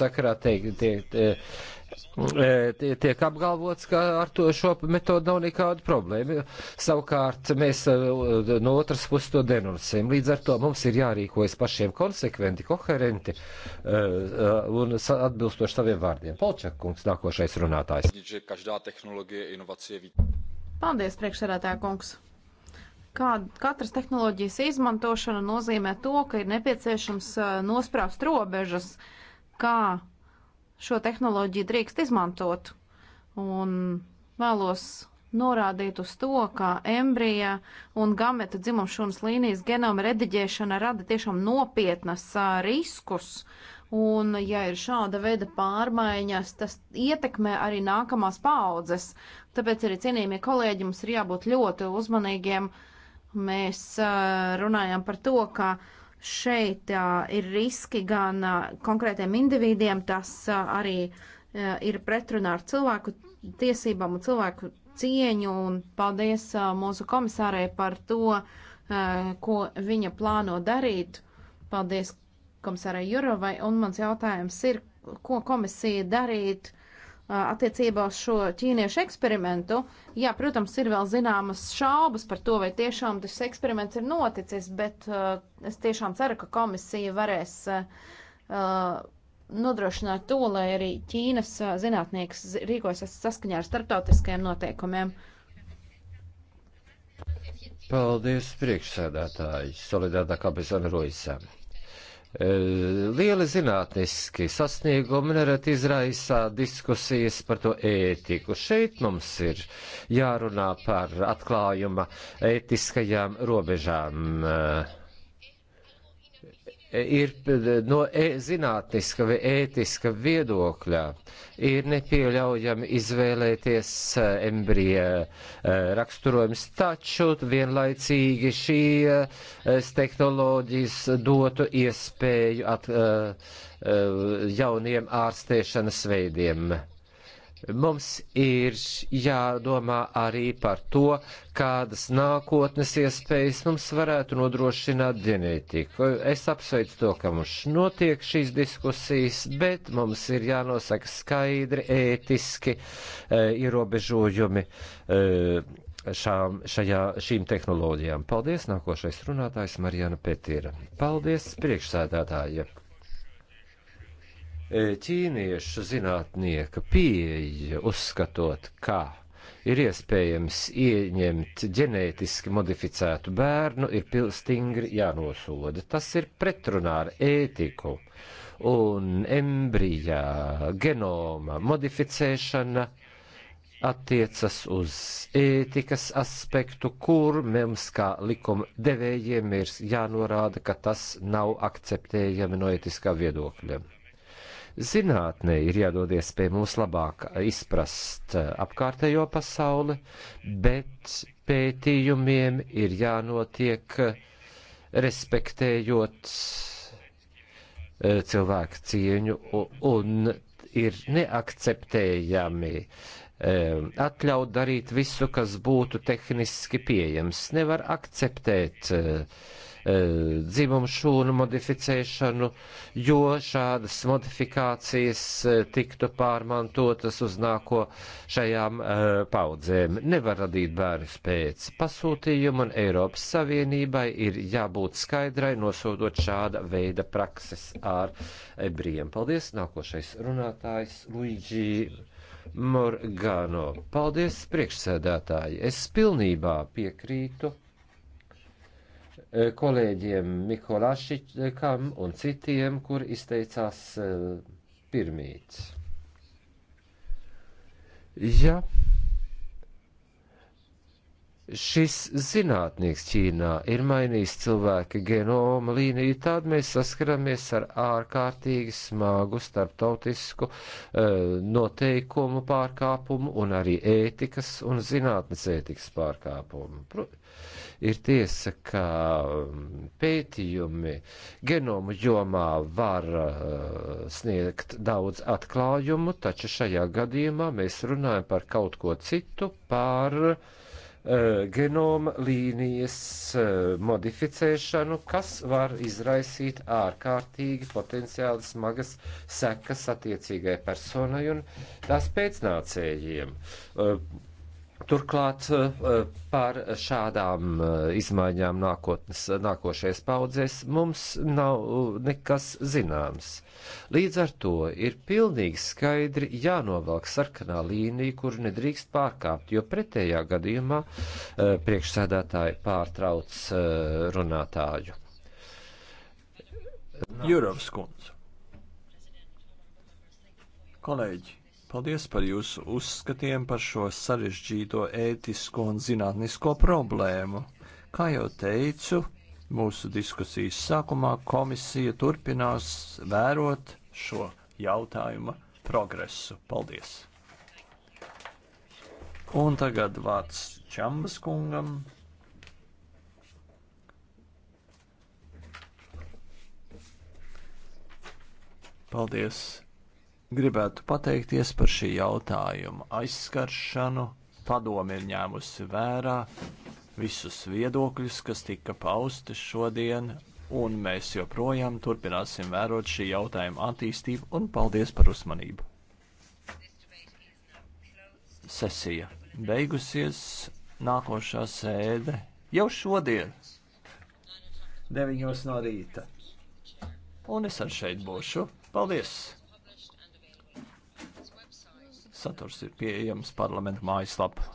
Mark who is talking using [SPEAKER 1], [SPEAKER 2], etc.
[SPEAKER 1] sakarā tiek, tiek, tiek, eh, tiek apgalvots, ka ar to šo metodu nav nekāda problēma. Savukārt mēs eh, no otras puses to denuncējam. Līdz ar to mums ir jārīkojas pašiem konsekventi, koherenti eh, un atbilstoši saviem vārdiem. Polčakungs, nākošais runātājs.
[SPEAKER 2] Paldies, priekšsarētāja kungs! Kā, katras tehnoloģijas izmantošana nozīmē to, ka ir nepieciešams uh, nosprāst robežas. Uh, kā šo tehnoloģiju drīkst izmantot. Un vēlos norādīt uz to, ka embrija un gameta dzimumšanas līnijas genoma rediģēšana rada tiešām nopietnas riskus. Un, ja ir šāda veida pārmaiņas, tas ietekmē arī nākamās paaudzes. Tāpēc arī cienījamie kolēģi mums ir jābūt ļoti uzmanīgiem. Mēs uh, runājam par to, ka uh, šeit uh, ir riski gan uh, konkrētiem individiem, tas uh, arī uh, ir pretrunā ar cilvēku tiesībām un cilvēku cieņu. Un paldies uh, mūsu komisārai par to, uh, ko viņa plāno darīt. Paldies komisārai Jurovai. Un mans jautājums ir, ko komisija darīt attiecībā uz šo ķīniešu eksperimentu. Jā, protams, ir vēl zināmas šaubas par to, vai tiešām tas eksperiments ir noticis, bet uh, es tiešām ceru, ka komisija varēs uh, nodrošināt to, lai arī Ķīnas zinātnieks rīkojas saskaņā ar starptautiskajiem noteikumiem.
[SPEAKER 1] Paldies, priekšsēdētāji, solidārā kabezona Roisam. E, lieli zinātniski sasniegumi nereti izraisā diskusijas par to ētiku. Šeit mums ir jārunā par atklājuma ētiskajām robežām. Uh, ir no e zinātniska vai ētiska viedokļa ir nepieļaujami izvēlēties e, embrija e, raksturojums, taču vienlaicīgi šīs e, tehnoloģijas dotu iespēju at, jauniem ārstēšanas veidiem. Mums ir jādomā arī par to, kādas nākotnes iespējas mums varētu nodrošināt ģenētiku. Es apsveicu to, ka mums notiek šīs diskusijas, bet mums ir jānosaka skaidri, ētiski e, ierobežojumi e, šām, šajā, šīm tehnoloģijām. Paldies, nākošais runātājs Marijana Petīra. Paldies, priekšsēdētāji. E, ķīniešu zinātnieka pieeja, uzskatot, ka ir iespējams ieņemt ģenētiski modificētu bērnu, ir stingri jānosoda. Tas ir pretrunā ar ētiku. Un embrijā genoma modificēšana attiecas uz ētikas aspektu, kur mums kā likuma devējiem ir jānorāda, ka tas nav akceptējami no ētiskā viedokļa. Zinātnē ir jādod iespēja mums labāk izprast apkārtējo pasauli, bet pētījumiem ir jānotiek respektējot eh, cilvēku cieņu un ir neakceptējami atļaut darīt visu, kas būtu tehniski pieejams. Nevar akceptēt eh, eh, dzimumu šūnu modificēšanu, jo šādas modifikācijas eh, tiktu pārmantotas uz nāko šajām paudzēm. Nevar radīt bērnus pēc pasūtījuma, un Eiropas Savienībai ir jābūt skaidrai, nosodot šāda veida prakses ar ebriem. Paldies! Nākošais runātājs Luigi. Morgano. Paldies, priekšsēdētāji. Es pilnībā piekrītu eh, kolēģiem Mikolašičam un citiem, kur izteicās eh, pirmīts. Ja šis zinātnieks Ķīnā ir mainījis cilvēka genoma līniju, tad mēs saskaramies ar ārkārtīgi smagu starptautisku uh, noteikumu pārkāpumu un arī ētikas un zinātnes ētikas pārkāpumu. Pro ir tiesa, ka mm, pētījumi genomu jomā var uh, sniegt daudz atklājumu, taču šajā gadījumā mēs runājam par kaut ko citu, par uh, Eh, genoma līnijas eh, modificēšanu, kas var izraisīt ārkārtīgi potenciāli smagas sekas attiecīgai personai un tās pēcnācējiem. Eh, Turklāt eh, par šādām eh, izmaiņām nākotnes, eh, nākošais paudzēs mums nav nekas zināms. Līdz ar to ir pilnīgi skaidri jānovelk sarkanā līnija, kuru nedrīkst pārkāpt, jo pretējā gadījumā priekšsēdētāji pārtrauc runātāju.
[SPEAKER 3] Jurovs kundze. Kolēģi, Paldies par jūsu uzskatiem par šo sarežģīto ētisko un zinātnisko problēmu. Kā jau teicu, mūsu diskusijas sākumā komisija turpinās vērot šo jautājuma progresu. Paldies! Un tagad vārds Čambas kungam. Paldies! gribētu pateikties par šī jautājuma aizskaršanu. Padomi ir ņēmusi vērā visus viedokļus, kas tika pausti šodien, un mēs joprojām turpināsim vērot šī jautājuma attīstību, un paldies par uzmanību. Sesija beigusies, nākošā sēde jau šodien, 9 no rīta, un es ar šeit būšu. Paldies! Saturs ir pieejams parlamentu mājaslapā.